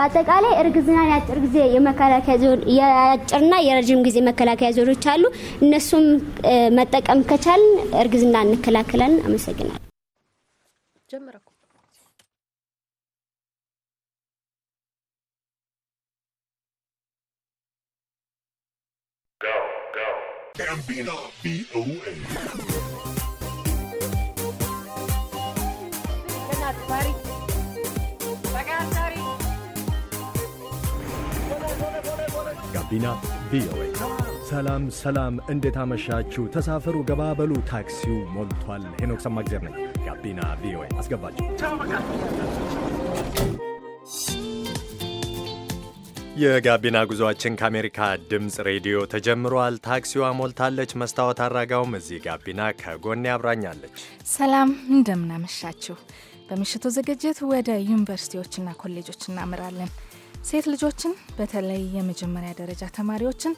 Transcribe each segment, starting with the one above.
በአጠቃላይ እርግዝናን የአጭር ጊዜ የመከላከያ ዞን የአጭርና የረዥም ጊዜ መከላከያ ዞኖች አሉ። እነሱም መጠቀም ከቻልን እርግዝና እንከላከላለን። አመሰግናል። o a ጋቢና ቪኦኤ። ሰላም ሰላም፣ እንዴት አመሻችሁ? ተሳፈሩ፣ ገባበሉ፣ ታክሲው ሞልቷል። ሄኖክ ሰማግዜር ነኝ። ጋቢና ቪኦኤ አስገባችሁ። የጋቢና ጉዞአችን ከአሜሪካ ድምፅ ሬዲዮ ተጀምሯል። ታክሲዋ ሞልታለች። መስታወት አራጋውም እዚህ ጋቢና ከጎኔ አብራኛለች። ሰላም እንደምናመሻችሁ። በምሽቱ ዝግጅት ወደ ዩኒቨርሲቲዎችና ኮሌጆች እናምራለን። ሴት ልጆችን በተለይ የመጀመሪያ ደረጃ ተማሪዎችን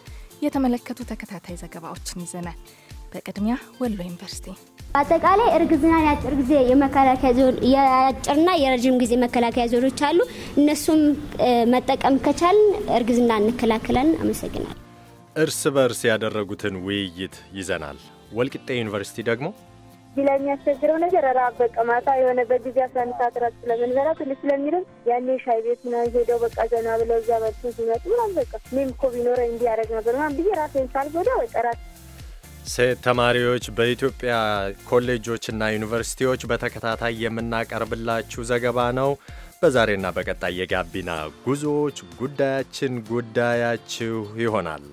የተመለከቱ ተከታታይ ዘገባዎችን ይዘናል። በቅድሚያ ወሎ ዩኒቨርሲቲ በአጠቃላይ እርግዝናን የአጭር ጊዜ የመከላከያ የአጭርና የረዥም ጊዜ መከላከያ ዘዴዎች አሉ። እነሱም መጠቀም ከቻልን እርግዝና እንከላከለን። አመሰግናል። እርስ በርስ ያደረጉትን ውይይት ይዘናል። ወልቂጤ ዩኒቨርሲቲ ደግሞ ቢላ የሚያስቸግረው ነገር ራብ በቃ ማታ የሆነ በጊዜ አስራ አንድ ሰዓት ራት ስለምንበላ ትንሽ ስለሚልም ያኔ ሻይ ቤት ና ሄደው በቃ ዘና ብለው እዛ በልቶ ሲመጡ ምናም በቃ እኔም እኮ ቢኖረ እንዲህ ያደረግ ነበር ምናምን ብዬ ራሴን ሳልጎዳ በቃ ራት ሴት ተማሪዎች በኢትዮጵያ ኮሌጆችና ዩኒቨርሲቲዎች በተከታታይ የምናቀርብላችሁ ዘገባ ነው። በዛሬና በቀጣይ የጋቢና ጉዞዎች ጉዳያችን ጉዳያችሁ ይሆናል።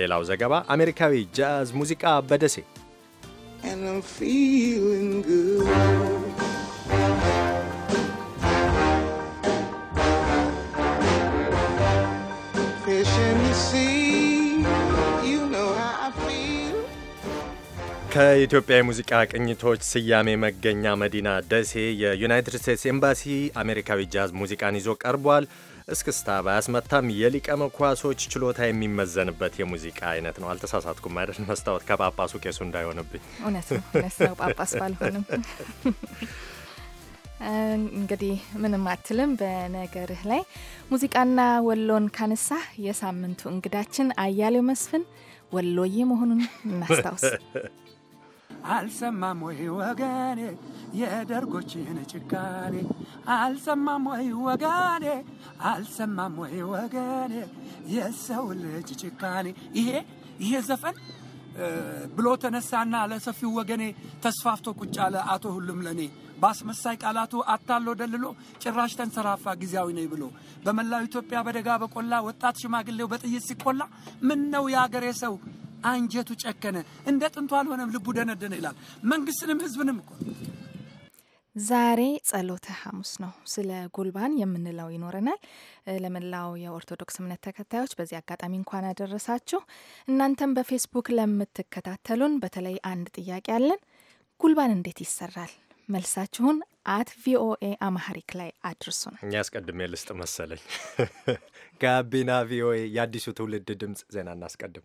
ሌላው ዘገባ አሜሪካዊ ጃዝ ሙዚቃ በደሴ and I'm feeling good. ከኢትዮጵያ የሙዚቃ ቅኝቶች ስያሜ መገኛ መዲና ደሴ የዩናይትድ ስቴትስ ኤምባሲ አሜሪካዊ ጃዝ ሙዚቃን ይዞ ቀርቧል። እስክስታ ባያስመታም የሊቀ መኳሶች ችሎታ የሚመዘንበት የሙዚቃ አይነት ነው። አልተሳሳትኩም አይደል? መስታወት ከጳጳሱ ቄሱ እንዳይሆንብኝ። እውነት ነው፣ እውነት ነው። ጳጳስ ባልሆንም እንግዲህ ምንም አትልም በነገርህ ላይ። ሙዚቃና ወሎን ካነሳ የሳምንቱ እንግዳችን አያሌው መስፍን ወሎዬ መሆኑን እናስታውስ። አልሰማም ወይ ወገኔ የደርጎችን ጭካኔ አልሰማም ወይ ወገኔ አልሰማም ወይ ወገኔ የሰው ልጅ ጭካኔ። ይሄ ይሄ ዘፈን ብሎ ተነሳና ለሰፊው ወገኔ ተስፋፍቶ ቁጭ አለ አቶ ሁሉም ለኔ በአስመሳይ ቃላቱ አታሎ ደልሎ ጭራሽ ተንሰራፋ ጊዜያዊ ነኝ ብሎ በመላው ኢትዮጵያ በደጋ በቆላ ወጣት ሽማግሌው በጥይት ሲቆላ ምን ነው የአገሬ ሰው አንጀቱ ጨከነ፣ እንደ ጥንቱ አልሆነም፣ ልቡ ደነደነ ይላል። መንግስትንም ህዝብንም እኮ ዛሬ ጸሎተ ሐሙስ ነው። ስለ ጉልባን የምንለው ይኖረናል። ለመላው የኦርቶዶክስ እምነት ተከታዮች በዚህ አጋጣሚ እንኳን አደረሳችሁ። እናንተም በፌስቡክ ለምትከታተሉን በተለይ አንድ ጥያቄ አለን። ጉልባን እንዴት ይሰራል? መልሳችሁን አት ቪኦኤ አማሐሪክ ላይ ነው እኛ አስቀድሜ ልስጥ መሰለኝ። ጋቢና ቪኦኤ የአዲሱ ትውልድ ድምፅ ዜና እናስቀድም።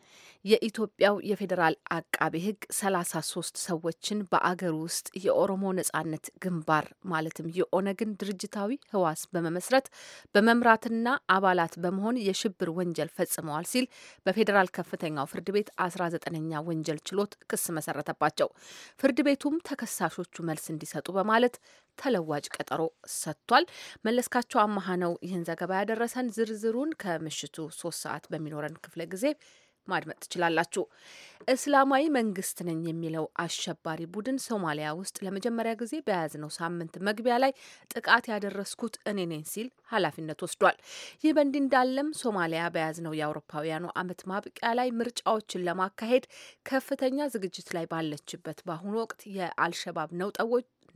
የኢትዮጵያው የፌዴራል አቃቤ ሕግ ሰላሳ ሶስት ሰዎችን በአገር ውስጥ የኦሮሞ ነጻነት ግንባር ማለትም የኦነግን ድርጅታዊ ህዋስ በመመስረት በመምራትና አባላት በመሆን የሽብር ወንጀል ፈጽመዋል ሲል በፌዴራል ከፍተኛው ፍርድ ቤት አስራ ዘጠነኛ ወንጀል ችሎት ክስ መሰረተባቸው። ፍርድ ቤቱም ተከሳሾቹ መልስ እንዲሰጡ በማለት ተለዋጭ ቀጠሮ ሰጥቷል። መለስካቸው አማሃ ነው ይህን ዘገባ ያደረሰን። ዝርዝሩን ከምሽቱ ሶስት ሰዓት በሚኖረን ክፍለ ጊዜ ማድመጥ ትችላላችሁ። እስላማዊ መንግስት ነኝ የሚለው አሸባሪ ቡድን ሶማሊያ ውስጥ ለመጀመሪያ ጊዜ በያዝነው ሳምንት መግቢያ ላይ ጥቃት ያደረስኩት እኔ ነኝ ሲል ኃላፊነት ወስዷል። ይህ በእንዲህ እንዳለም ሶማሊያ በያዝነው የአውሮፓውያኑ ዓመት ማብቂያ ላይ ምርጫዎችን ለማካሄድ ከፍተኛ ዝግጅት ላይ ባለችበት በአሁኑ ወቅት የአልሸባብ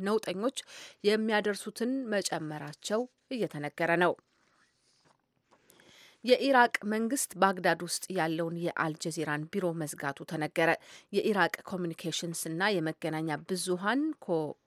ነውጠኞች የሚያደርሱትን መጨመራቸው እየተነገረ ነው። የኢራቅ መንግስት ባግዳድ ውስጥ ያለውን የአልጀዚራን ቢሮ መዝጋቱ ተነገረ። የኢራቅ ኮሚኒኬሽንስ እና የመገናኛ ብዙሃን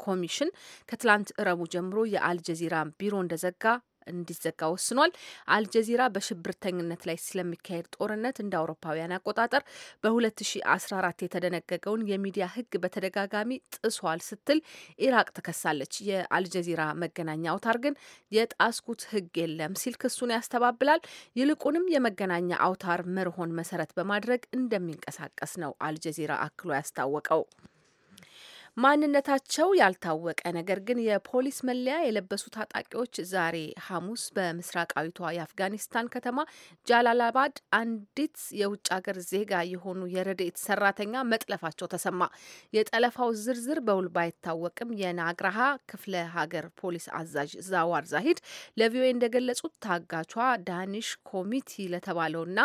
ኮሚሽን ከትላንት እረቡ ጀምሮ የአልጀዚራ ቢሮ እንደዘጋ እንዲዘጋ ወስኗል። አልጀዚራ በሽብርተኝነት ላይ ስለሚካሄድ ጦርነት እንደ አውሮፓውያን አቆጣጠር በ2014 የተደነገገውን የሚዲያ ሕግ በተደጋጋሚ ጥሷል ስትል ኢራቅ ትከሳለች። የአልጀዚራ መገናኛ አውታር ግን የጣስኩት ሕግ የለም ሲል ክሱን ያስተባብላል። ይልቁንም የመገናኛ አውታር መርሆን መሰረት በማድረግ እንደሚንቀሳቀስ ነው አልጀዚራ አክሎ ያስታወቀው። ማንነታቸው ያልታወቀ ነገር ግን የፖሊስ መለያ የለበሱ ታጣቂዎች ዛሬ ሐሙስ በምስራቃዊቷ የአፍጋኒስታን ከተማ ጃላላባድ አንዲት የውጭ ሀገር ዜጋ የሆኑ የረድኤት ሰራተኛ መጥለፋቸው ተሰማ። የጠለፋው ዝርዝር በውል ባይታወቅም የናግራሃ ክፍለ ሀገር ፖሊስ አዛዥ ዛዋር ዛሂድ ለቪኦኤ እንደገለጹት ታጋቿ ዳኒሽ ኮሚቲ ለተባለውና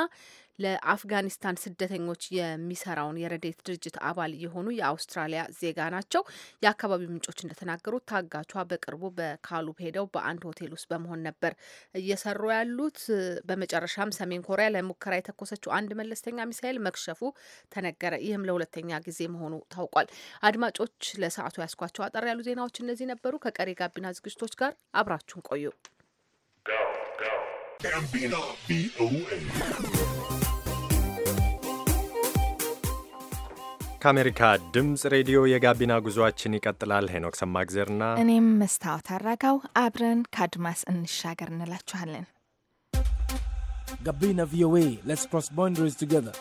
ለአፍጋኒስታን ስደተኞች የሚሰራውን የረዴት ድርጅት አባል የሆኑ የአውስትራሊያ ዜጋ ናቸው። የአካባቢው ምንጮች እንደተናገሩት ታጋቿ በቅርቡ በካሉብ ሄደው በአንድ ሆቴል ውስጥ በመሆን ነበር እየሰሩ ያሉት። በመጨረሻም ሰሜን ኮሪያ ለሙከራ የተኮሰችው አንድ መለስተኛ ሚሳኤል መክሸፉ ተነገረ። ይህም ለሁለተኛ ጊዜ መሆኑ ታውቋል። አድማጮች ለሰዓቱ ያስኳቸው አጠር ያሉ ዜናዎች እነዚህ ነበሩ። ከቀሪ ጋቢና ዝግጅቶች ጋር አብራችሁን ቆዩ። o ቪኦኤ ከአሜሪካ ድምፅ ሬዲዮ የጋቢና ጉዞአችን ይቀጥላል። ሄኖክ ሰማግዜርና እኔም መስታወት አራጋው አብረን ከአድማስ እንሻገር እንላችኋለን። ጋቢና ቪኦኤ ሌትስ ክሮስ ቦንደሪስ ቱጌዘር።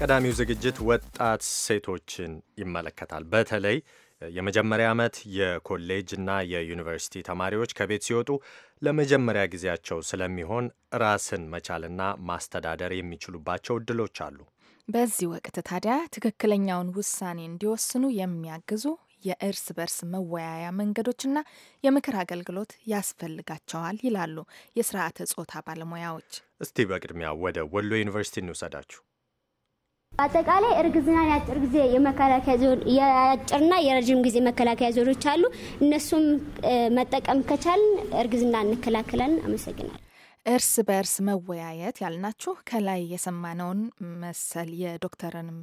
ቀዳሚው ዝግጅት ወጣት ሴቶችን ይመለከታል። በተለይ የመጀመሪያ ዓመት የኮሌጅ እና የዩኒቨርሲቲ ተማሪዎች ከቤት ሲወጡ ለመጀመሪያ ጊዜያቸው ስለሚሆን ራስን መቻልና ማስተዳደር የሚችሉባቸው እድሎች አሉ። በዚህ ወቅት ታዲያ ትክክለኛውን ውሳኔ እንዲወስኑ የሚያግዙ የእርስ በርስ መወያያ መንገዶችና የምክር አገልግሎት ያስፈልጋቸዋል ይላሉ የስርዓተ ጾታ ባለሙያዎች። እስቲ በቅድሚያ ወደ ወሎ ዩኒቨርሲቲ እንውሰዳችሁ። በአጠቃላይ እርግዝና የአጭር ጊዜ የመከላከያ ዞን የአጭርና የረዥም ጊዜ መከላከያ ዞኖች አሉ። እነሱም መጠቀም ከቻልን እርግዝና እንከላከላለን። አመሰግናል። እርስ በእርስ መወያየት ያልናችሁ ከላይ የሰማነውን መሰል የዶክተርንም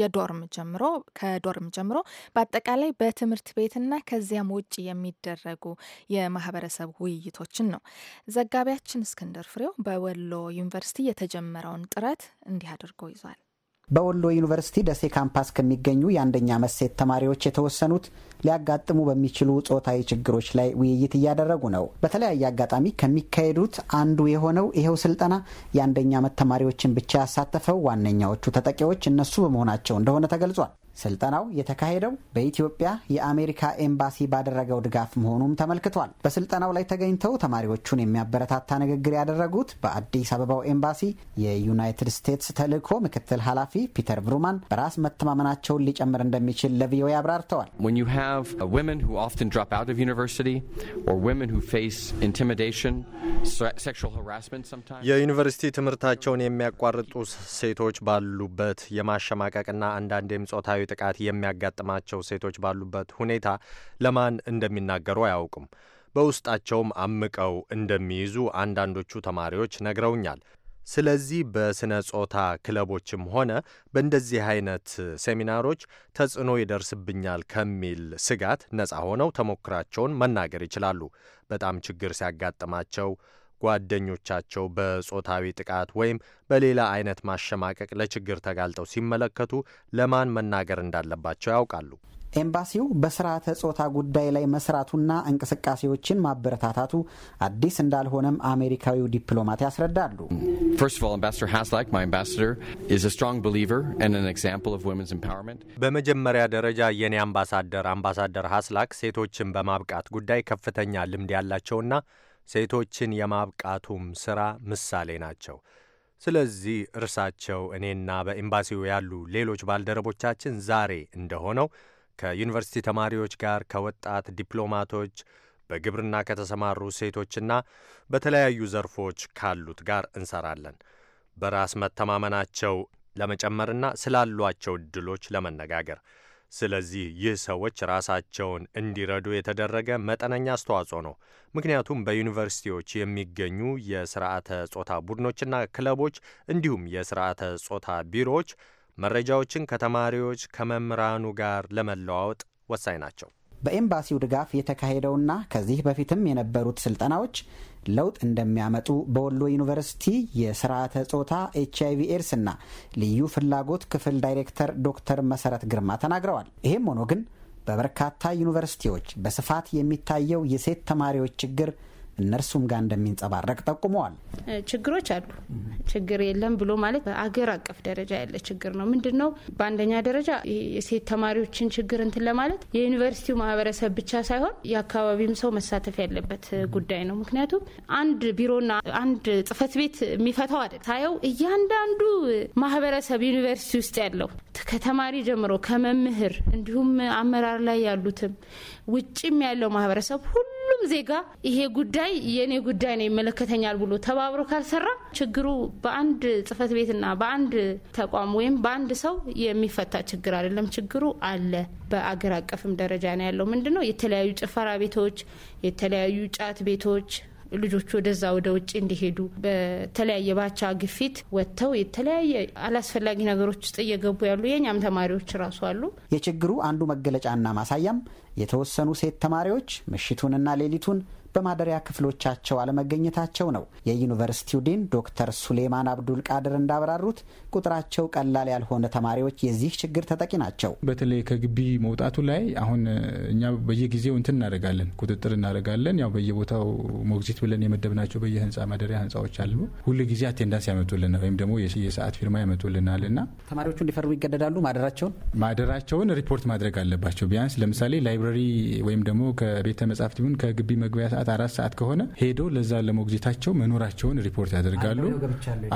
የዶርም ጀምሮ ከዶርም ጀምሮ በአጠቃላይ በትምህርት ቤትና ከዚያም ውጭ የሚደረጉ የማህበረሰብ ውይይቶችን ነው። ዘጋቢያችን እስክንድር ፍሬው በወሎ ዩኒቨርሲቲ የተጀመረውን ጥረት እንዲህ አድርጎ ይዟል። በወሎ ዩኒቨርሲቲ ደሴ ካምፓስ ከሚገኙ የአንደኛ መሴት ተማሪዎች የተወሰኑት ሊያጋጥሙ በሚችሉ ጾታዊ ችግሮች ላይ ውይይት እያደረጉ ነው። በተለያየ አጋጣሚ ከሚካሄዱት አንዱ የሆነው ይኸው ስልጠና የአንደኛ ዓመት ተማሪዎችን ብቻ ያሳተፈው ዋነኛዎቹ ተጠቂዎች እነሱ በመሆናቸው እንደሆነ ተገልጿል። ስልጠናው የተካሄደው በኢትዮጵያ የአሜሪካ ኤምባሲ ባደረገው ድጋፍ መሆኑም ተመልክቷል። በስልጠናው ላይ ተገኝተው ተማሪዎቹን የሚያበረታታ ንግግር ያደረጉት በአዲስ አበባው ኤምባሲ የዩናይትድ ስቴትስ ተልእኮ ምክትል ኃላፊ ፒተር ብሩማን በራስ መተማመናቸውን ሊጨምር እንደሚችል ለቪኦኤ አብራርተዋል። የዩኒቨርሲቲ ትምህርታቸውን የሚያቋርጡ ሴቶች ባሉበት የማሸማቀቅና አንዳንዴም ጾታዊ ጾታዊ ጥቃት የሚያጋጥማቸው ሴቶች ባሉበት ሁኔታ ለማን እንደሚናገሩ አያውቁም። በውስጣቸውም አምቀው እንደሚይዙ አንዳንዶቹ ተማሪዎች ነግረውኛል። ስለዚህ በስነ ጾታ ክለቦችም ሆነ በእንደዚህ አይነት ሴሚናሮች ተጽዕኖ ይደርስብኛል ከሚል ስጋት ነፃ ሆነው ተሞክራቸውን መናገር ይችላሉ። በጣም ችግር ሲያጋጥማቸው ጓደኞቻቸው በጾታዊ ጥቃት ወይም በሌላ አይነት ማሸማቀቅ ለችግር ተጋልጠው ሲመለከቱ ለማን መናገር እንዳለባቸው ያውቃሉ። ኤምባሲው በስርዓተ ጾታ ጉዳይ ላይ መስራቱና እንቅስቃሴዎችን ማበረታታቱ አዲስ እንዳልሆነም አሜሪካዊው ዲፕሎማት ያስረዳሉ። በመጀመሪያ ደረጃ የኔ አምባሳደር አምባሳደር ሀስላክ ሴቶችን በማብቃት ጉዳይ ከፍተኛ ልምድ ያላቸውና ሴቶችን የማብቃቱም ሥራ ምሳሌ ናቸው። ስለዚህ እርሳቸው እኔና በኤምባሲው ያሉ ሌሎች ባልደረቦቻችን ዛሬ እንደሆነው ከዩኒቨርሲቲ ተማሪዎች ጋር ከወጣት ዲፕሎማቶች በግብርና ከተሰማሩ ሴቶችና በተለያዩ ዘርፎች ካሉት ጋር እንሰራለን። በራስ መተማመናቸው ለመጨመርና ስላሏቸው እድሎች ለመነጋገር ስለዚህ ይህ ሰዎች ራሳቸውን እንዲረዱ የተደረገ መጠነኛ አስተዋጽኦ ነው። ምክንያቱም በዩኒቨርሲቲዎች የሚገኙ የስርዓተ ጾታ ቡድኖችና ክለቦች እንዲሁም የስርዓተ ጾታ ቢሮዎች መረጃዎችን ከተማሪዎች ከመምህራኑ ጋር ለመለዋወጥ ወሳኝ ናቸው። በኤምባሲው ድጋፍ የተካሄደውና ከዚህ በፊትም የነበሩት ስልጠናዎች ለውጥ እንደሚያመጡ በወሎ ዩኒቨርሲቲ የስርዓተ ጾታ ኤች አይቪ ኤድስና ልዩ ፍላጎት ክፍል ዳይሬክተር ዶክተር መሰረት ግርማ ተናግረዋል። ይህም ሆኖ ግን በበርካታ ዩኒቨርሲቲዎች በስፋት የሚታየው የሴት ተማሪዎች ችግር እነርሱም ጋር እንደሚንጸባረቅ ጠቁመዋል። ችግሮች አሉ። ችግር የለም ብሎ ማለት በአገር አቀፍ ደረጃ ያለ ችግር ነው። ምንድን ነው? በአንደኛ ደረጃ የሴት ተማሪዎችን ችግር እንትን ለማለት የዩኒቨርሲቲው ማህበረሰብ ብቻ ሳይሆን የአካባቢም ሰው መሳተፍ ያለበት ጉዳይ ነው። ምክንያቱም አንድ ቢሮና አንድ ጽህፈት ቤት የሚፈታው አይደል። ታየው እያንዳንዱ ማህበረሰብ ዩኒቨርሲቲ ውስጥ ያለው ከተማሪ ጀምሮ ከመምህር እንዲሁም አመራር ላይ ያሉትም ውጭም ያለው ማህበረሰብ ሁሉም ዜጋ ይሄ ጉዳይ የእኔ ጉዳይ ነው ይመለከተኛል ብሎ ተባብሮ ካልሰራ ችግሩ በአንድ ጽህፈት ቤትና በአንድ ተቋም ወይም በአንድ ሰው የሚፈታ ችግር አይደለም። ችግሩ አለ። በአገር አቀፍም ደረጃ ነው ያለው። ምንድነው የተለያዩ ጭፈራ ቤቶች፣ የተለያዩ ጫት ቤቶች ልጆቹ ወደዛ ወደ ውጭ እንዲሄዱ በተለያየ ባቻ ግፊት ወጥተው የተለያየ አላስፈላጊ ነገሮች ውስጥ እየገቡ ያሉ የእኛም ተማሪዎች ራሱ አሉ። የችግሩ አንዱ መገለጫና ማሳያም የተወሰኑ ሴት ተማሪዎች ምሽቱንና ሌሊቱን በማደሪያ ክፍሎቻቸው አለመገኘታቸው ነው። የዩኒቨርሲቲው ዲን ዶክተር ሱሌማን አብዱል ቃድር እንዳብራሩት ቁጥራቸው ቀላል ያልሆነ ተማሪዎች የዚህ ችግር ተጠቂ ናቸው። በተለይ ከግቢ መውጣቱ ላይ አሁን እኛ በየጊዜው እንትን እናደርጋለን፣ ቁጥጥር እናደርጋለን። ያው በየቦታው ሞግዚት ብለን የመደብናቸው በየህንፃ ማደሪያ ህንፃዎች አሉ። ሁሉ ጊዜ አቴንዳንስ ያመጡልናል ወይም ደግሞ የሰዓት ፊርማ ያመጡልናል እና ተማሪዎቹ እንዲፈርሙ ይገደዳሉ። ማደራቸውን ማደራቸውን ሪፖርት ማድረግ አለባቸው። ቢያንስ ለምሳሌ ላይብራሪ ወይም ደግሞ ከቤተ መጻሕፍት ይሁን ከግቢ መግቢያ ሰዓት ሰዓት አራት ሰዓት ከሆነ ሄዶ ለዛ ለሞግዚታቸው መኖራቸውን ሪፖርት ያደርጋሉ።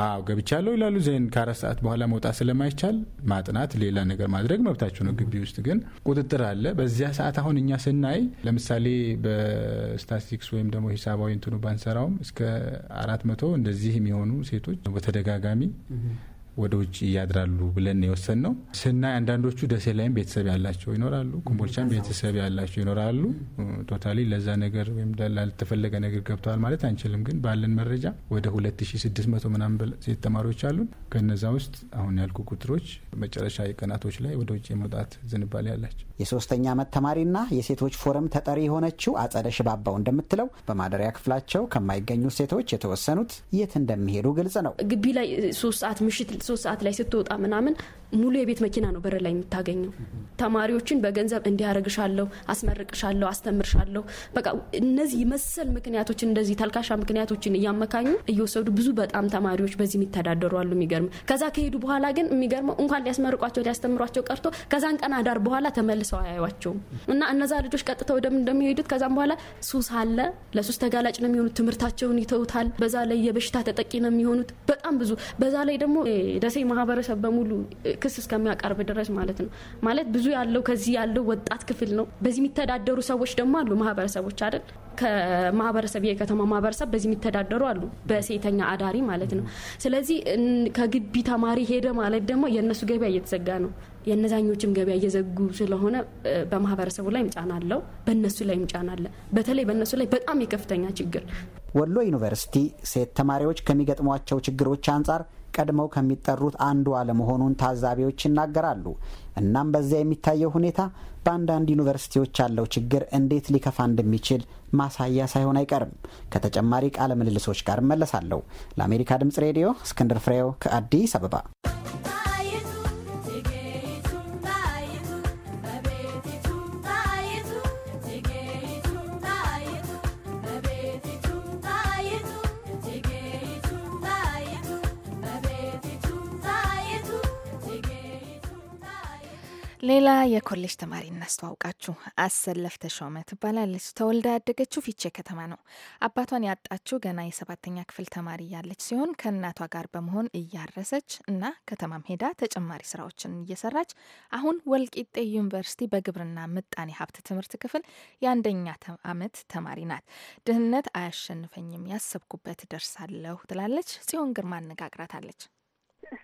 አዎ ገብቻለሁ ይላሉ። ዜን ከአራት ሰዓት በኋላ መውጣት ስለማይቻል ማጥናት፣ ሌላ ነገር ማድረግ መብታቸው ነው። ግቢ ውስጥ ግን ቁጥጥር አለ። በዚያ ሰዓት አሁን እኛ ስናይ ለምሳሌ በስታቲስቲክስ ወይም ደግሞ ሂሳባዊ እንትኑ ባንሰራውም እስከ አራት መቶ እንደዚህ የሚሆኑ ሴቶች በተደጋጋሚ ወደ ውጭ ያድራሉ ብለን የወሰን ነው ስናይ አንዳንዶቹ ደሴ ላይም ቤተሰብ ያላቸው ይኖራሉ፣ ኮምቦልቻም ቤተሰብ ያላቸው ይኖራሉ። ቶታሊ ለዛ ነገር ወይም ላልተፈለገ ነገር ገብተዋል ማለት አንችልም። ግን ባለን መረጃ ወደ 2600 ምናምን ሴት ተማሪዎች አሉን። ከነዛ ውስጥ አሁን ያልኩ ቁጥሮች መጨረሻ የቀናቶች ላይ ወደ ውጭ የመውጣት ዝንባሌ ያላቸው የሶስተኛ ዓመት ተማሪና የሴቶች ፎረም ተጠሪ የሆነችው አጸደ ሽባባው እንደምትለው በማደሪያ ክፍላቸው ከማይገኙ ሴቶች የተወሰኑት የት እንደሚሄዱ ግልጽ ነው። ግቢ ላይ ሶስት ሰዓት ምሽት ሶስት ሰዓት ላይ ስትወጣ ምናምን ሙሉ የቤት መኪና ነው በር ላይ የምታገኘው። ተማሪዎችን በገንዘብ እንዲያረግሻለሁ፣ አስመርቅሻለሁ፣ አስተምርሻለሁ በቃ እነዚህ መሰል ምክንያቶችን እንደዚህ ተልካሻ ምክንያቶችን እያመካኙ እየወሰዱ ብዙ በጣም ተማሪዎች በዚህ የሚተዳደሩ አሉ። የሚገርም ከዛ ከሄዱ በኋላ ግን የሚገርመው እንኳን ሊያስመርቋቸው ሊያስተምሯቸው ቀርቶ ከዛን ቀን አዳር በኋላ ተመልሰው አያዩቸውም እና እነዛ ልጆች ቀጥተው ወደም እንደሚሄዱት ከዛም በኋላ ሱስ አለ። ለሱስ ተጋላጭ ነው የሚሆኑት። ትምህርታቸውን ይተውታል። በዛ ላይ የበሽታ ተጠቂ ነው የሚሆኑት በጣም ብዙ። በዛ ላይ ደግሞ ደሴ ማህበረሰብ በሙሉ ክስ እስከሚያቀርብ ድረስ ማለት ነው። ማለት ብዙ ያለው ከዚህ ያለው ወጣት ክፍል ነው። በዚህ የሚተዳደሩ ሰዎች ደግሞ አሉ። ማህበረሰቦች አይደል ከማህበረሰብ የከተማ ማህበረሰብ በዚህ የሚተዳደሩ አሉ፣ በሴተኛ አዳሪ ማለት ነው። ስለዚህ ከግቢ ተማሪ ሄደ ማለት ደግሞ የእነሱ ገበያ እየተዘጋ ነው። የእነዛኞችም ገበያ እየዘጉ ስለሆነ በማህበረሰቡ ላይ ጫና አለው፣ በእነሱ ላይ ጫና አለ። በተለይ በእነሱ ላይ በጣም የከፍተኛ ችግር ወሎ ዩኒቨርሲቲ ሴት ተማሪዎች ከሚገጥሟቸው ችግሮች አንጻር ቀድመው ከሚጠሩት አንዱ አለመሆኑን ታዛቢዎች ይናገራሉ። እናም በዚያ የሚታየው ሁኔታ በአንዳንድ ዩኒቨርሲቲዎች ያለው ችግር እንዴት ሊከፋ እንደሚችል ማሳያ ሳይሆን አይቀርም። ከተጨማሪ ቃለ ምልልሶች ጋር እመለሳለሁ። ለአሜሪካ ድምጽ ሬዲዮ እስክንድር ፍሬው ከአዲስ አበባ ሌላ የኮሌጅ ተማሪ እናስተዋውቃችሁ። አሰለፍ ተሾመ ትባላለች። ተወልዳ ያደገችው ፊቼ ከተማ ነው። አባቷን ያጣችው ገና የሰባተኛ ክፍል ተማሪ ያለች ሲሆን ከእናቷ ጋር በመሆን እያረሰች እና ከተማም ሄዳ ተጨማሪ ስራዎችን እየሰራች አሁን ወልቂጤ ዩኒቨርሲቲ በግብርና ምጣኔ ሀብት ትምህርት ክፍል የአንደኛ ዓመት ተማሪ ናት። ድህነት አያሸንፈኝም፣ ያሰብኩበት ደርሳለሁ ትላለች። ጽዮን ግርማ አነጋግራታለች።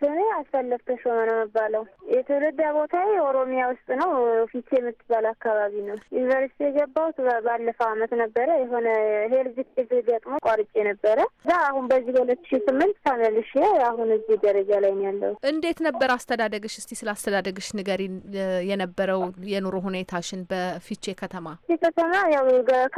ስሜ አስፈለግ ተሾመ ነው የምባለው። የትውልድ ቦታዬ ኦሮሚያ ውስጥ ነው፣ ፊቼ የምትባል አካባቢ ነው። ዩኒቨርሲቲ የገባሁት ባለፈው አመት ነበረ። የሆነ ሄልዝ ኬዝ ገጥሞ ቋርጬ ነበረ። እዛ አሁን በዚህ በሁለት ሺ ስምንት ተመልሼ አሁን እዚህ ደረጃ ላይ ነው ያለው። እንዴት ነበር አስተዳደግሽ? እስቲ ስለ አስተዳደግሽ ንገሪ፣ የነበረው የኑሮ ሁኔታሽን በፊቼ ከተማ። ፊቼ ከተማ ያው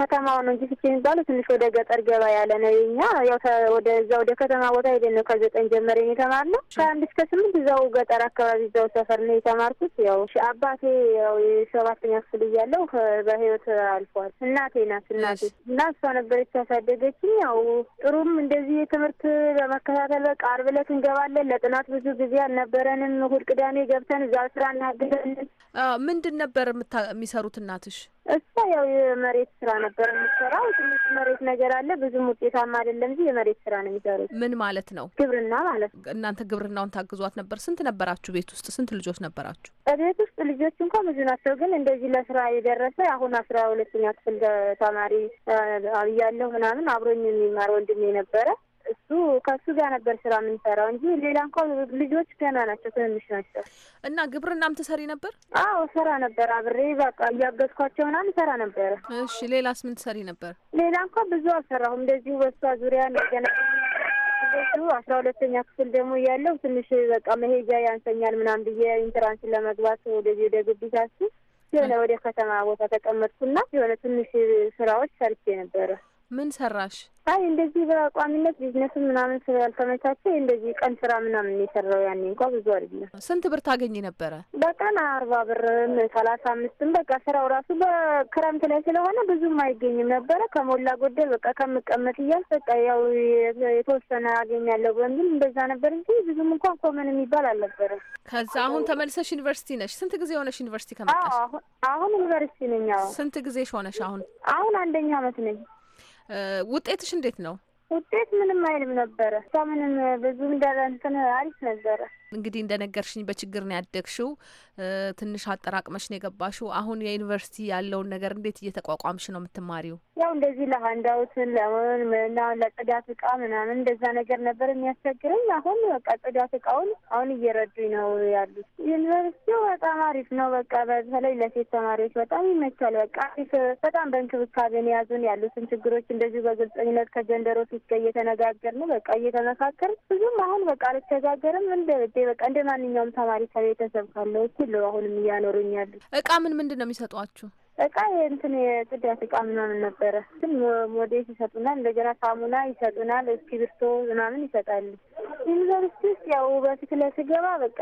ከተማው ነው እንጂ ፊቼ የሚባለው ትንሽ ወደ ገጠር ገባ ያለ ነው። የኛ ያው ወደዛ ወደ ከተማ ቦታ ሄደን ነው ከዘጠኝ ጀመረ የተማርነው ከአንድ እስከ ስምንት እዛው ገጠር አካባቢ እዛው ሰፈር ነው የተማርኩት። ያው አባቴ ያው የሰባተኛ ክፍል እያለሁ በህይወት አልፏል። እናቴ ናት እናቴ እና እሷ ነበረች ያሳደገችኝ። ያው ጥሩም እንደዚህ ትምህርት በመከታተል በቃ ዓርብ ዕለት እንገባለን። ለጥናት ብዙ ጊዜ አልነበረንም። እሑድ ቅዳሜ ገብተን እዛ ስራ እናገዛለን። ምንድን ነበር የሚሰሩት እናትሽ? እሷ ያው የመሬት ስራ ነበር የምትሰራው። ትንሽ መሬት ነገር አለ ብዙም ውጤታማ አይደለም እንጂ የመሬት ስራ ነው የሚሰሩት። ምን ማለት ነው? ግብርና ማለት ነው። እናንተ ግብር ድንግልናውን ታግዟት ነበር። ስንት ነበራችሁ ቤት ውስጥ? ስንት ልጆች ነበራችሁ ቤት ውስጥ? ልጆች እንኳ ብዙ ናቸው፣ ግን እንደዚህ ለስራ የደረሰ አሁን አስራ ሁለተኛ ክፍል ተማሪ እያለሁ ምናምን አብሮኝ የሚማር ወንድሜ ነበረ እሱ ከሱ ጋር ነበር ስራ የምንሰራው እንጂ ሌላ እንኳ ልጆች ገና ናቸው፣ ትንንሽ ናቸው። እና ግብርናም ትሰሪ ነበር? አዎ ሰራ ነበር፣ አብሬ በቃ እያገዝኳቸው ምናምን ሰራ ነበረ። እሺ ሌላስ ምን ትሰሪ ነበር? ሌላ እንኳ ብዙ አልሰራሁም። እንደዚሁ በሷ ዙሪያ ነገና ቤቱ አስራ ሁለተኛ ክፍል ደግሞ እያለሁ ትንሽ በቃ መሄጃ ያንሰኛል ምናምን ብዬ ኢንትራንስ ለመግባት ወደዚህ ወደ ግቢ የሆነ ወደ ከተማ ቦታ ተቀመጥኩና የሆነ ትንሽ ስራዎች ሰርቼ ነበረ። ምን ሰራሽ? አይ እንደዚህ በቋሚነት ቢዝነስን ምናምን ያልተመቻቸ እንደዚህ ቀን ስራ ምናምን የሰራው ያኔ እንኳ ብዙ አይደለም። ስንት ብር ታገኝ ነበረ? በቀን አርባ ብርም ሰላሳ አምስትም በቃ ስራው ራሱ በክረምት ላይ ስለሆነ ብዙም አይገኝም ነበረ። ከሞላ ጎደል በቃ ከምቀመጥ እያል በቃ ያው የተወሰነ አገኛለሁ በሚል እንደዛ ነበር እንጂ ብዙም እንኳን ኮመን የሚባል አልነበረም። ከዛ አሁን ተመልሰሽ ዩኒቨርሲቲ ነሽ። ስንት ጊዜ ሆነሽ ዩኒቨርሲቲ ከመጣሽ? አሁን ዩኒቨርሲቲ ነኝ። ስንት ጊዜ ሆነሽ አሁን? አሁን አንደኛ አመት ነኝ። ውጤትሽ እንዴት ነው? ውጤት ምንም አይልም ነበረ። እሷ ምንም ብዙ እንዳለ እንትን አሪፍ ነበረ። እንግዲህ እንደነገርሽኝ በችግር ነው ያደግሽው። ትንሽ አጠራቅመሽ ነው የገባሽው። አሁን የዩኒቨርሲቲ ያለውን ነገር እንዴት እየተቋቋምሽ ነው የምትማሪው? ያው እንደዚህ ለሀንዳውትን ለምን ምና ለጽዳት እቃ ምናምን እንደዛ ነገር ነበር የሚያስቸግረኝ። አሁን በቃ ጽዳት እቃውን አሁን እየረዱኝ ነው ያሉት። ዩኒቨርሲቲው በጣም አሪፍ ነው። በቃ በተለይ ለሴት ተማሪዎች በጣም ይመቻል። በቃ አሪፍ በጣም በእንክብካቤን ነው የያዙን። ያሉትን ችግሮች እንደዚህ በግልጸኝነት ከጀንደሮች ውስጥ እየተነጋገርን በቃ እየተመካከርን ብዙም አሁን በቃ አልተጋገርም እንደ በቃ እንደ ማንኛውም ተማሪ ከቤተሰብ ካለው እኩል አሁንም እያኖሩኝ ያሉ። እቃ ምን ምንድን ነው የሚሰጧችሁ? እቃ እንትን የጽዳት እቃ ምናምን ነበረ። ግን ሞዴስ ይሰጡናል፣ እንደገና ሳሙና ይሰጡናል፣ እስክሪብቶ ምናምን ይሰጣሉ። ዩኒቨርሲቲ ውስጥ ያው በፊት ለስገባ በቃ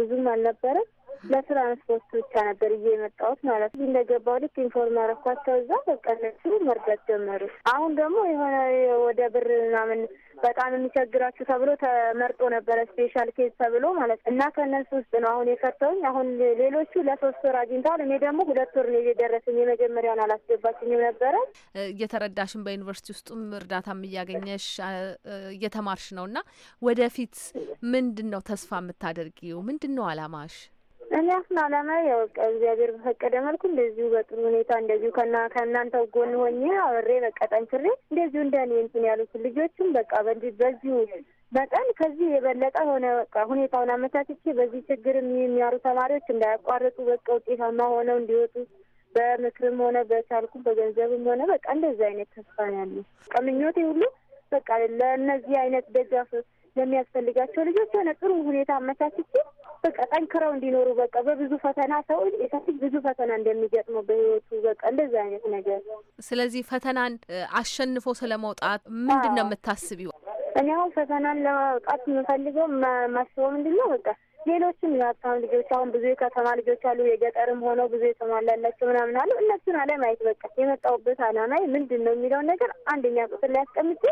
ብዙም አልነበረም ለትራንስፖርት ብቻ ነበር እዬ የመጣሁት ማለት ነው። እንደገባሁ ልክ ኢንፎርም አረኳቸው እዛ በቃ እነሱ መርዳት ጀመሩ። አሁን ደግሞ የሆነ ወደ ብር ምናምን በጣም የሚቸግራችሁ ተብሎ ተመርጦ ነበረ ስፔሻል ኬዝ ተብሎ ማለት እና ከእነሱ ውስጥ ነው አሁን የፈተውኝ። አሁን ሌሎቹ ለሶስት ወር አግኝተዋል። እኔ ደግሞ ሁለት ወር ነው የደረሰኝ። የመጀመሪያውን አላስገባችኝም ነበረ። እየተረዳሽም በዩኒቨርሲቲ ውስጡም እርዳታም እያገኘሽ እየተማርሽ ነው እና ወደፊት ምንድን ነው ተስፋ የምታደርጊው? ምንድን ነው አላማሽ? እኔ አፍና አላማ ያው እግዚአብሔር በፈቀደ መልኩ እንደዚሁ በጥሩ ሁኔታ እንደዚሁ ከና ከእናንተ ጎን ሆኜ አወሬ በቃ ጠንክሬ እንደዚሁ እንደ እኔ እንትን ያሉትን ልጆችም በቃ በዚሁ መጠን ከዚህ የበለጠ ሆነ በቃ ሁኔታውን አመቻችቼ በዚህ ችግር የሚያሩ ተማሪዎች እንዳያቋርጡ በቃ ውጤታማ ሆነው እንዲወጡ በምክርም ሆነ በቻልኩም በገንዘብም ሆነ በቃ እንደዚህ አይነት ተስፋ ያለ ቀምኞቴ ሁሉ በቃ ለእነዚህ አይነት ደጋፍ ለሚያስፈልጋቸው ልጆች የሆነ ጥሩ ሁኔታ አመቻችቼ በቃ ጠንክረው እንዲኖሩ በቃ በብዙ ፈተና ሰው የታች ብዙ ፈተና እንደሚገጥመው በህይወቱ በቃ እንደዚህ አይነት ነገር። ስለዚህ ፈተናን አሸንፎ ስለመውጣት ምንድን ነው የምታስቢው? እኔ አሁን ፈተናን ለማውጣት የምፈልገው ማስበው ምንድን ነው በቃ ሌሎችም የሀብታም ልጆች አሁን ብዙ የከተማ ልጆች አሉ፣ የገጠርም ሆነው ብዙ የተሟላላቸው ምናምን አሉ። እነሱን አለማየት በቃ የመጣሁበት አላማ ምንድን ነው የሚለውን ነገር አንደኛ ቁጥር ላይ አስቀምጬ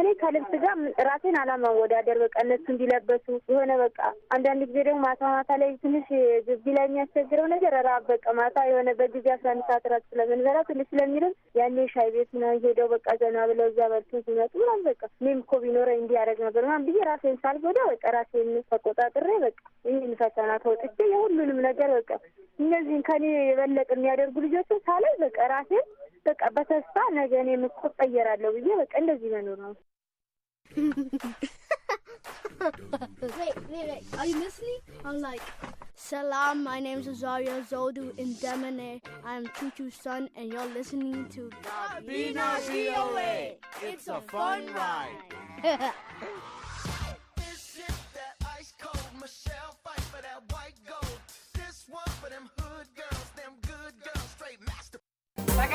እኔ ከልብስ ጋር ራሴን አላማወዳደር በቃ እነሱ እንዲለበሱ የሆነ በቃ አንዳንድ ጊዜ ደግሞ ማታ ማታ ላይ ትንሽ ግቢ ላይ የሚያስቸግረው ነገር ራብ በቃ ማታ የሆነ በጊዜ አስራ አንድ ሰዓት ራት ስለምንበላ ትንሽ ስለሚልም ያኔ ሻይ ቤት ምናምን ሄደው በቃ ዘና ብለው እዛ በልቶ ሲመጡ ምናምን በቃ እኔም እኮ ቢኖረኝ ነበር ምናምን ብዬ ራሴን ሳልጎዳ በቃ ራሴን ተቆጣጥሬ በቃ ይህን ፈተና ተወጥቼ የሁሉንም ነገር በቃ እነዚህን ከኔ የበለጥ የሚያደርጉ ልጆችን ሳላይ በቃ ራሴን በቃ በተስፋ ነገ እኔ የምቆጠየራለሁ ብዬ በቃ እንደዚህ መኖር ነው። Salam, my name is Azaria Zodu in Demone. I am Chuchu's son, and you're listening to Gabina VOA. It's a fun ride.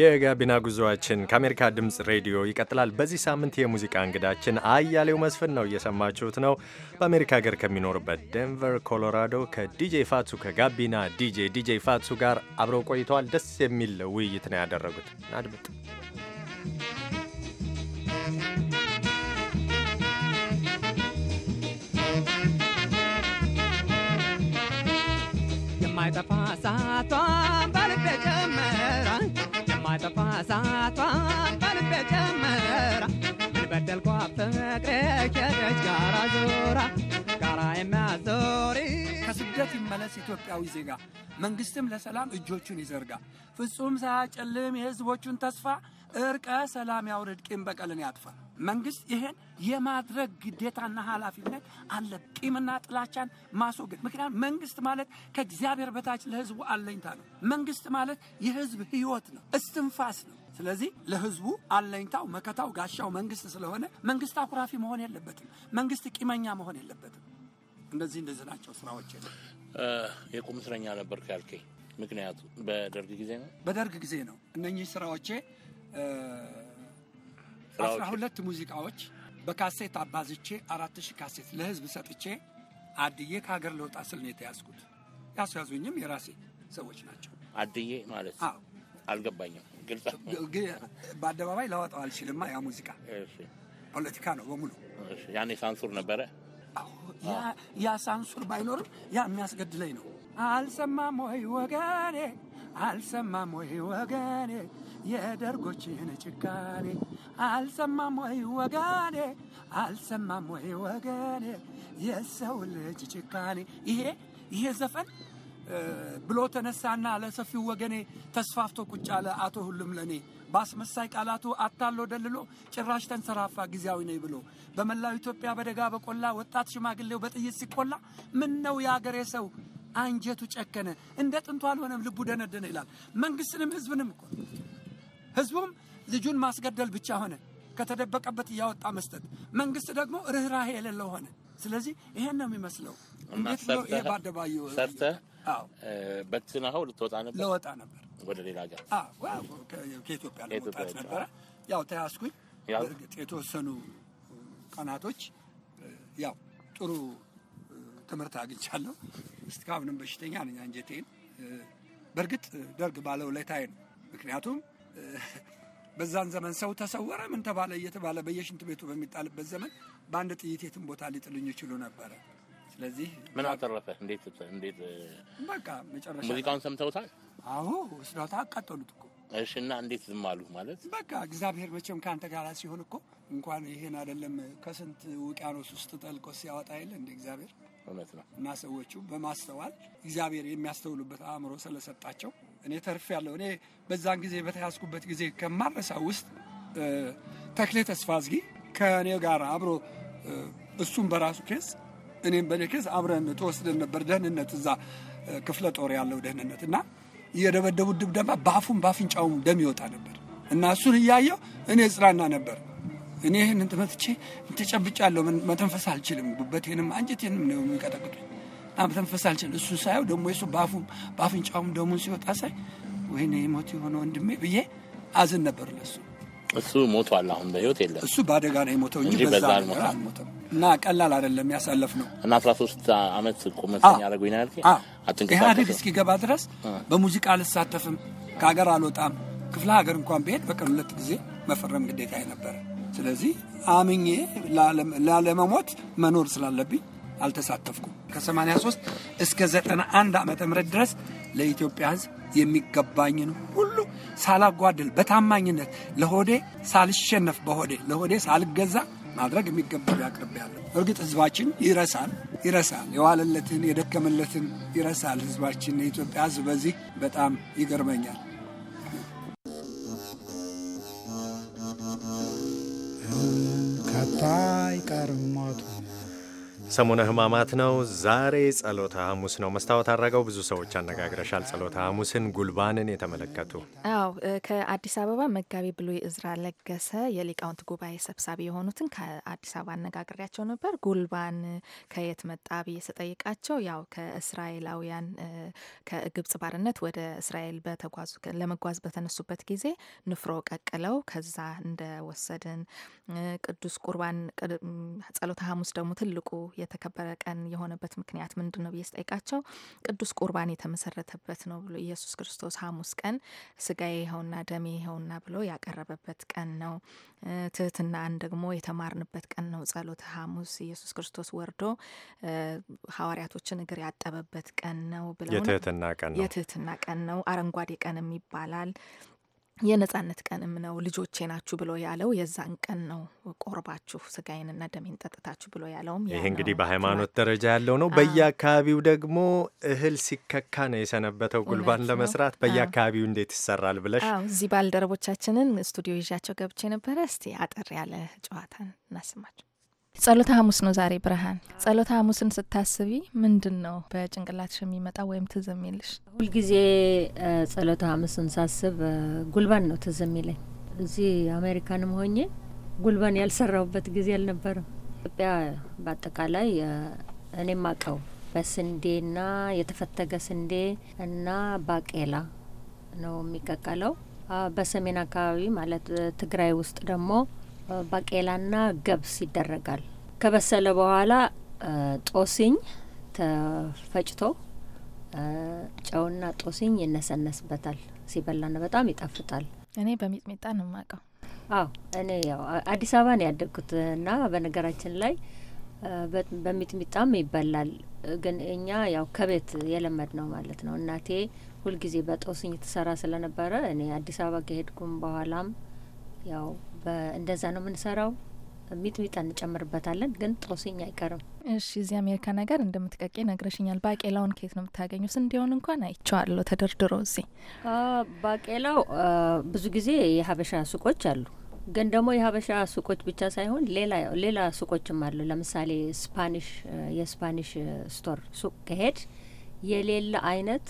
የጋቢና ጉዞአችን ከአሜሪካ ድምፅ ሬዲዮ ይቀጥላል። በዚህ ሳምንት የሙዚቃ እንግዳችን አያሌው መስፍን ነው፣ እየሰማችሁት ነው። በአሜሪካ ሀገር ከሚኖርበት ዴንቨር ኮሎራዶ ከዲጄ ፋቱ ከጋቢና ዲጄ ዲጄ ፋቱ ጋር አብረው ቆይተዋል። ደስ የሚል ውይይት ነው ያደረጉት። አድምጥ የማይጠፋ ሳቷ ጥፋሳቷን በልቤ ጀመራ ምን ፍቅሬ የሚያለቅስ ኢትዮጵያዊ ዜጋ መንግስትም ለሰላም እጆቹን ይዘርጋ፣ ፍጹም ሳያጨልም የህዝቦቹን ተስፋ እርቀ ሰላም ያውርድ፣ ቂም በቀልን ያጥፋ። መንግስት ይህን የማድረግ ግዴታና ኃላፊነት አለ። ቂምና ጥላቻን ማስወገድ። ምክንያቱም መንግስት ማለት ከእግዚአብሔር በታች ለህዝቡ አለኝታ ነው። መንግስት ማለት የህዝብ ህይወት ነው፣ እስትንፋስ ነው። ስለዚህ ለህዝቡ አለኝታው፣ መከታው፣ ጋሻው መንግስት ስለሆነ መንግስት አኩራፊ መሆን የለበትም። መንግስት ቂመኛ መሆን የለበትም። እንደዚህ እንደዚህ ናቸው ስራዎች። የቁም እስረኛ ነበር ካልከኝ ምክንያቱ በደርግ ጊዜ ነው። በደርግ ጊዜ ነው። እነኚህ ስራዎቼ አስራ ሁለት ሙዚቃዎች በካሴት አባዝቼ አራት ሺህ ካሴት ለህዝብ ሰጥቼ አድዬ ከሀገር ለውጣ ስል ነው የተያዝኩት። ያስያዙኝም የራሴ ሰዎች ናቸው። አድዬ ማለት አልገባኝም። ግልጽ በአደባባይ ላወጣው አልችልማ። ያ ሙዚቃ ፖለቲካ ነው በሙሉ። ያኔ ሳንሱር ነበረ ያ ሳንሱር ባይኖርም ያ የሚያስገድለኝ ነው። አልሰማም ወይ ወገኔ፣ አልሰማም ወይ ወገኔ የደርጎችን ጭካኔ አልሰማም ወይ ወገኔ፣ አልሰማም ወይ ወገኔ የሰው ልጅ ጭካኔ ይሄ ይሄ ዘፈን ብሎ ተነሳና ለሰፊው ወገኔ ተስፋፍቶ ቁጭ አለ አቶ ሁሉም ለእኔ በአስመሳይ ቃላቱ አታሎ ደልሎ ጭራሽ ተንሰራፋ ጊዜያዊ ነኝ ብሎ በመላው ኢትዮጵያ በደጋ በቆላ ወጣት ሽማግሌው በጥይት ሲቆላ ምን ነው የአገሬ ሰው አንጀቱ ጨከነ፣ እንደ ጥንቱ አልሆነም፣ ልቡ ደነደነ ይላል። መንግስትንም ህዝብንም እኮ ህዝቡም ልጁን ማስገደል ብቻ ሆነ፣ ከተደበቀበት እያወጣ መስጠት። መንግስት ደግሞ ርኅራሄ የሌለው ሆነ። ስለዚህ ይሄን ነው የሚመስለው። እንዴት ነው ይሄ በአደባባዩ በትናኸው ልትወጣ ነበር? ልወጣ ነበር ወደ ሌላ ሀገር ከኢትዮጵያ ለመውጣት ነበረ። ያው ተያዝኩኝ። በእርግጥ የተወሰኑ ቀናቶች ያው ጥሩ ትምህርት አግኝቻለሁ። እስካሁንም በሽተኛ ነኝ አንጀቴን። በእርግጥ ደርግ ባለውለታዬ ነው። ምክንያቱም በዛን ዘመን ሰው ተሰወረ ምን ተባለ እየተባለ በየሽንት ቤቱ በሚጣልበት ዘመን በአንድ ጥይት የትም ቦታ ሊጥልኝ ይችሉ ነበረ። ስለዚህ ምን አተረፈ? እንዴት እንዴት በቃ መጨረሻ ሙዚቃውን ሰምተውታል? አዎ ወስደውታ አቃጠሉት እኮ። እሺ እና እንዴት ዝም አሉ ማለት? በቃ እግዚአብሔር መቼም ከአንተ ጋር ሲሆን እኮ እንኳን ይሄን አይደለም ከስንት ውቅያኖስ ውስጥ ጠልቆ ሲያወጣ የለ እንደ እግዚአብሔር እውነት ነው። እና ሰዎቹ በማስተዋል እግዚአብሔር የሚያስተውሉበት አእምሮ ስለሰጣቸው እኔ ተርፍ ያለው እኔ በዛን ጊዜ በተያዝኩበት ጊዜ ከማረሳ ውስጥ ተክሌ ተስፋ አዝጊ ከእኔ ጋር አብሮ እሱም በራሱ ኬስ እኔም በኔ ኬዝ አብረን ተወስደን ነበር ደህንነት እዛ ክፍለ ጦር ያለው ደህንነት እና የደበደቡት ድብደባ በአፉም በአፍንጫውም ደም ይወጣ ነበር እና እሱን እያየው እኔ እጽናና ነበር። እኔ ይህን እንትመትቼ ተጨብጫለሁ። መተንፈስ አልችልም። ጉበቴንም አንጀቴንም ነው የሚቀጠቅጡ መተንፈስ አልችልም። እሱ ሳየው ደግሞ የሱ በአፉም በአፍንጫውም ደሙን ሲወጣ ሳይ ወይኔ ሞት የሆነ ወንድሜ ብዬ አዝን ነበር ለሱ። እሱ ሞቷል። አሁን በህይወት የለም። እሱ በአደጋ ነው የሞተው እንጂ በዛ ነገር አልሞተም። እና ቀላል አይደለም ያሳለፍ ነው እና አስራ አመት ቁመተኛ ያደረጉኝ ነው ያልከኝ። ኢህአዴግ እስኪገባ ድረስ በሙዚቃ አልሳተፍም፣ ከሀገር አልወጣም፣ ክፍለ ሀገር እንኳን ብሄድ በቀን ሁለት ጊዜ መፈረም ግዴታ ነበረ። ስለዚህ አምኜ ላለመሞት መኖር ስላለብኝ አልተሳተፍኩም። ከ83 እስከ 91 ዓመተ ምህረት ድረስ ለኢትዮጵያ የሚገባኝ የሚገባኝን ሁሉ ሳላጓድል በታማኝነት ለሆዴ ሳልሸነፍ በሆዴ ለሆዴ ሳልገዛ ማድረግ የሚገባው ያቅርብ ያለ እርግጥ ህዝባችን ይረሳል ይረሳል፣ የዋለለትን የደከመለትን ይረሳል። ህዝባችን የኢትዮጵያ ህዝብ በዚህ በጣም ይገርመኛል። ከታይ ቀርሞቱ ሰሙነ ሕማማት ነው። ዛሬ ጸሎተ ሐሙስ ነው። መስታወት አድረገው ብዙ ሰዎች አነጋግረሻል። ጸሎተ ሐሙስን፣ ጉልባንን የተመለከቱ አዎ፣ ከአዲስ አበባ መጋቢ ብሉይ እዝራ ለገሰ የሊቃውንት ጉባኤ ሰብሳቢ የሆኑትን ከአዲስ አበባ አነጋግሬያቸው ነበር። ጉልባን ከየት መጣ ብዬ ስጠይቃቸው ያው ከእስራኤላውያን ከግብጽ ባርነት ወደ እስራኤል በተጓዙ ለመጓዝ በተነሱበት ጊዜ ንፍሮ ቀቅለው ከዛ እንደወሰድን ቅዱስ ቁርባን ጸሎተ ሐሙስ ደግሞ ትልቁ የተከበረ ቀን የሆነበት ምክንያት ምንድን ነው ብዬ ስጠይቃቸው ቅዱስ ቁርባን የተመሰረተበት ነው ብሎ ኢየሱስ ክርስቶስ ሐሙስ ቀን ስጋዬ ይኸውና ደሜ ይኸውና ብሎ ያቀረበበት ቀን ነው። ትህትናን ደግሞ የተማርንበት ቀን ነው። ጸሎተ ሐሙስ ኢየሱስ ክርስቶስ ወርዶ ሐዋርያቶችን እግር ያጠበበት ቀን ነው ብለው የትህትና ቀን ነው። አረንጓዴ ቀንም ይባላል። የነጻነት ቀንም ነው። ልጆቼ ናችሁ ብሎ ያለው የዛን ቀን ነው። ቆርባችሁ ስጋዬንና ደሜን ጠጥታችሁ ብሎ ያለውም ይህ እንግዲህ በሃይማኖት ደረጃ ያለው ነው። በየአካባቢው ደግሞ እህል ሲከካ ነው የሰነበተው። ጉልባን ለመስራት በየአካባቢው እንዴት ይሰራል ብለሽ እዚህ ባልደረቦቻችንን ስቱዲዮ ይዣቸው ገብቼ ነበረ። እስቲ አጠር ያለ ጨዋታን እናስማቸው። ጸሎተ ሐሙስ ነው ዛሬ። ብርሃን ጸሎተ ሐሙስን ስታስቢ ምንድን ነው በጭንቅላትሽ የሚመጣ ወይም ትዝ የሚልሽ? ሁልጊዜ ጸሎተ ሐሙስን ሳስብ ጉልባን ነው ትዝ የሚለኝ። እዚህ አሜሪካንም ሆኜ ጉልባን ያልሰራውበት ጊዜ አልነበረም። ኢትዮጵያ በአጠቃላይ እኔም አቀው በስንዴና የተፈተገ ስንዴ እና ባቄላ ነው የሚቀቀለው። በሰሜን አካባቢ ማለት ትግራይ ውስጥ ደግሞ ባቄላና ገብስ ይደረጋል። ከበሰለ በኋላ ጦስኝ ተፈጭቶ ጨውና ጦስኝ ይነሰነስበታል። ሲበላና በጣም ይጣፍጣል። እኔ በሚጥሚጣ ነው የማውቀው። አዎ እኔ ያው አዲስ አበባ ነው ያደግኩት እና በነገራችን ላይ በሚጥሚጣም ይበላል። ግን እኛ ያው ከቤት የለመድ ነው ማለት ነው። እናቴ ሁልጊዜ በጦስኝ ትሰራ ስለነበረ እኔ አዲስ አበባ ከሄድኩም በኋላም ያው እንደዛ ነው የምንሰራው። ሚጥሚጣ እንጨምርበታለን፣ ግን ጥሎስኝ አይቀርም። እሺ፣ እዚህ አሜሪካ ነገር እንደምትቀቄ ነግረሽኛል። ባቄላውን ኬት ነው የምታገኙት? ስንዴውን እንኳን አይቼዋለሁ ተደርድሮ እዚህ። ባቄላው ብዙ ጊዜ የሀበሻ ሱቆች አሉ፣ ግን ደግሞ የሀበሻ ሱቆች ብቻ ሳይሆን ሌላ ሌላ ሱቆችም አሉ። ለምሳሌ ስፓኒሽ የስፓኒሽ ስቶር ሱቅ ከሄድ የሌለ አይነት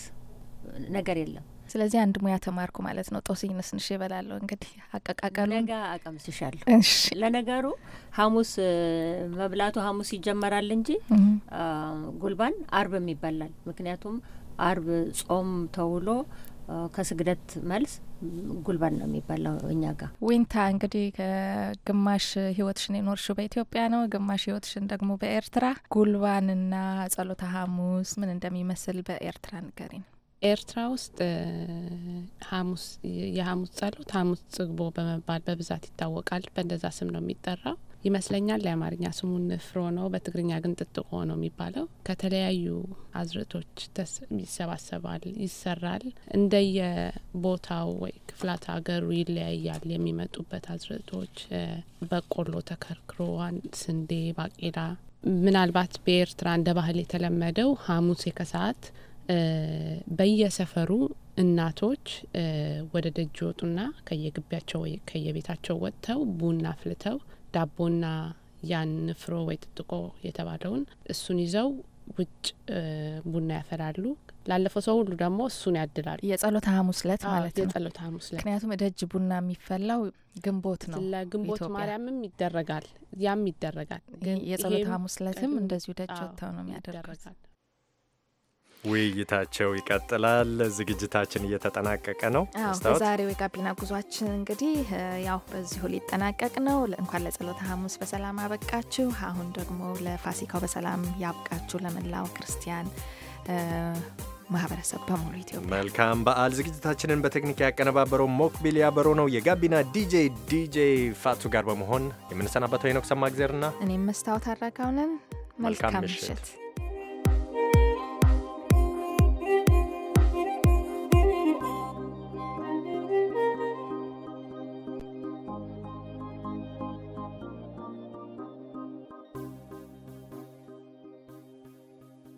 ነገር የለም። ስለዚህ አንድ ሙያ ተማርኩ ማለት ነው። ጦስኝ ነስንሽ ይበላለሁ እንግዲህ አቀቃቀሉ ነገ አቀምስሻለሁ። ለነገሩ ሐሙስ መብላቱ ሐሙስ ይጀመራል እንጂ ጉልባን አርብም ይበላል። ምክንያቱም አርብ ጾም ተውሎ ከስግደት መልስ ጉልባን ነው የሚባለው እኛ ጋር። ዊንታ እንግዲህ ግማሽ ህይወትሽን የኖርሽው በኢትዮጵያ ነው፣ ግማሽ ህይወትሽን ደግሞ በኤርትራ። ጉልባንና ጸሎተ ሐሙስ ምን እንደሚመስል በኤርትራ ንገሪን። ኤርትራ ውስጥ ሀሙስ የሀሙስ ጸሎት ሀሙስ ጽግቦ በመባል በብዛት ይታወቃል። በእንደዛ ስም ነው የሚጠራው ይመስለኛል። ለአማርኛ ስሙ ንፍሮ ነው፣ በትግርኛ ግን ጥጥቆ ነው የሚባለው። ከተለያዩ አዝርቶች ይሰባሰባል፣ ይሰራል። እንደየ ቦታው ወይ ክፍላት ሀገሩ ይለያያል። የሚመጡበት አዝርቶች በቆሎ ተከርክሮ፣ ስንዴ፣ ባቄላ ምናልባት በኤርትራ እንደ ባህል የተለመደው ሀሙስ ከሰዓት በየሰፈሩ እናቶች ወደ ደጅ ወጡና ከየግቢያቸው ወይ ከየቤታቸው ወጥተው ቡና ፍልተው ዳቦና ያን ንፍሮ ወይ ጥጥቆ የተባለውን እሱን ይዘው ውጭ ቡና ያፈራሉ። ላለፈው ሰው ሁሉ ደግሞ እሱን ያድላሉ። የጸሎት ሐሙስ ለት ማለት ነው። የጸሎት ሐሙስ ለት ምክንያቱም ደጅ ቡና የሚፈላው ግንቦት ነው። ለግንቦት ማርያምም ይደረጋል፣ ያም ይደረጋል። የጸሎት ሐሙስ ለትም እንደዚሁ ደጅ ወጥተው ነው የሚያደርጉት። ውይይታቸው ይቀጥላል። ዝግጅታችን እየተጠናቀቀ ነው። በዛሬው የጋቢና ጉዟችን እንግዲህ ያው በዚሁ ሊጠናቀቅ ነው። እንኳን ለጸሎተ ሐሙስ በሰላም አበቃችሁ። አሁን ደግሞ ለፋሲካው በሰላም ያብቃችሁ ለመላው ክርስቲያን ማህበረሰብ በሙሉ ኢትዮጵያ መልካም በዓል። ዝግጅታችንን በቴክኒክ ያቀነባበረው ሞክቢል ያበሮ ነው። የጋቢና ዲጄ ዲጄ ፋቱ ጋር በመሆን የምንሰናበተው ሄኖክ ሰማእግዜርና እኔም መስታወት አድራጋውንን መልካም ምሽት።